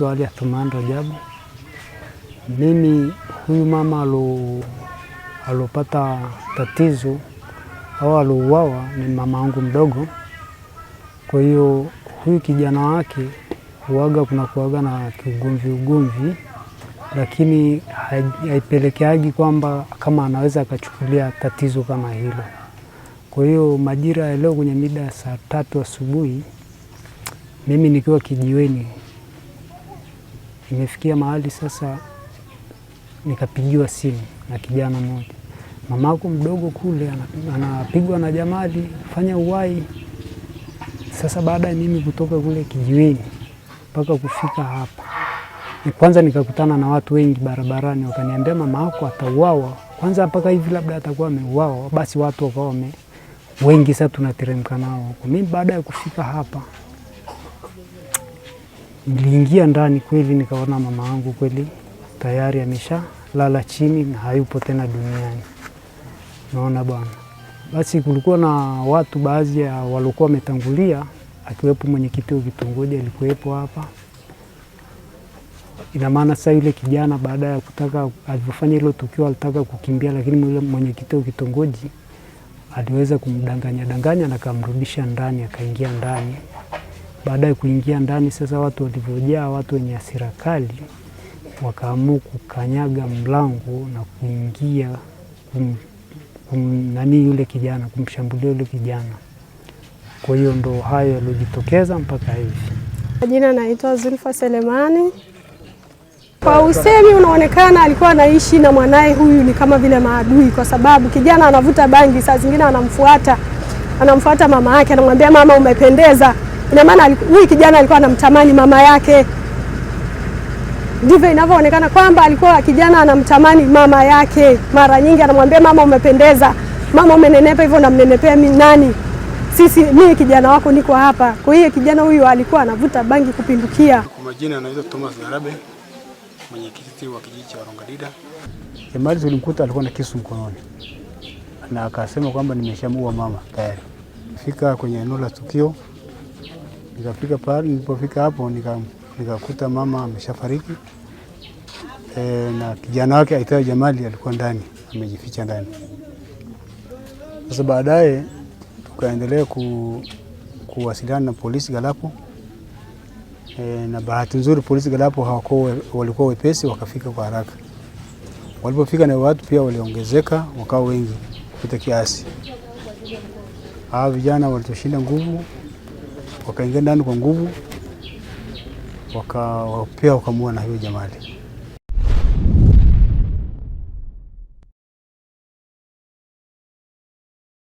naitwa Ali thumani Rajabu. Mimi huyu mama alopata tatizo au aliuawa ni mama wangu mdogo. Kwa hiyo huyu kijana wake huaga kuna kuaga na kiugomvi ugomvi, lakini haipelekeaji kwamba kama anaweza akachukulia tatizo kama hilo. Kwa hiyo majira ya leo kwenye mida ya saa tatu asubuhi mimi nikiwa kijiweni Imefikia mahali sasa nikapigiwa simu na kijana mmoja, mamako mdogo kule anapigwa na Jamali, fanya uwai. Sasa baada ya mimi kutoka kule kijiweni mpaka kufika hapa, kwanza nikakutana na watu wengi barabarani, wakaniambia mama yako atauawa kwanza, mpaka hivi labda atakuwa ameuawa. Basi watu wakawa wengi, sasa tunateremka nao huko. Mimi baada ya kufika hapa Niliingia ndani kweli, nikaona mama yangu kweli tayari amesha lala chini, na hayupo tena duniani. Naona bwana, basi kulikuwa na watu baadhi ya waliokuwa wametangulia, akiwepo mwenyekiti wa kitongoji alikuwepo hapa. Ina maana sasa yule kijana baada ya kutaka, alivyofanya hilo tukio, alitaka kukimbia, lakini yule mwenyekiti wa kitongoji aliweza kumdanganya danganya na kamrudisha ndani, akaingia ndani baadaye kuingia ndani. Sasa watu walivyojaa, watu wenye hasira kali wakaamua kukanyaga mlango na kuingia kum, kum, nani yule kijana, kumshambulia yule kijana. Kwa hiyo ndo hayo yaliojitokeza mpaka hivi. Jina naitwa Zulfa Selemani. Kwa usemi unaonekana alikuwa anaishi na mwanaye huyu ni kama vile maadui, kwa sababu kijana anavuta bangi, saa zingine anamfuata anamfuata mama yake, anamwambia mama, umependeza Ina maana huyu kijana alikuwa anamtamani mama yake, ndivyo inavyoonekana kwamba alikuwa kijana anamtamani mama yake. Mara nyingi anamwambia mama, umependeza, mama umenenepa, hivyo namnenepea mimi nani? Sisi mimi kijana wako niko hapa. Kwa hiyo kijana huyu alikuwa anavuta bangi kupindukia. Kwa majina anaitwa Thomas Garabe, mwenyekiti wa kijiji cha Warongadida. Emali tulimkuta alikuwa na kisu mkononi na akasema kwamba nimeshamua mama tayari. Fika kwenye eneo la tukio Nikafika pale, nilipofika hapo nikakuta mama ameshafariki e, na kijana wake aitwaye Jamali alikuwa ndani amejificha ndani. Sasa baadaye tukaendelea ku, kuwasiliana na polisi Galapo e, na bahati nzuri polisi Galapo hawako walikuwa wepesi, wakafika kwa haraka. Walipofika na watu pia waliongezeka, wakawa wengi kupita kiasi. Hawa vijana walitushinda nguvu wakaingia ndani kwa nguvu, waka pia wakamua na hiyo jamali.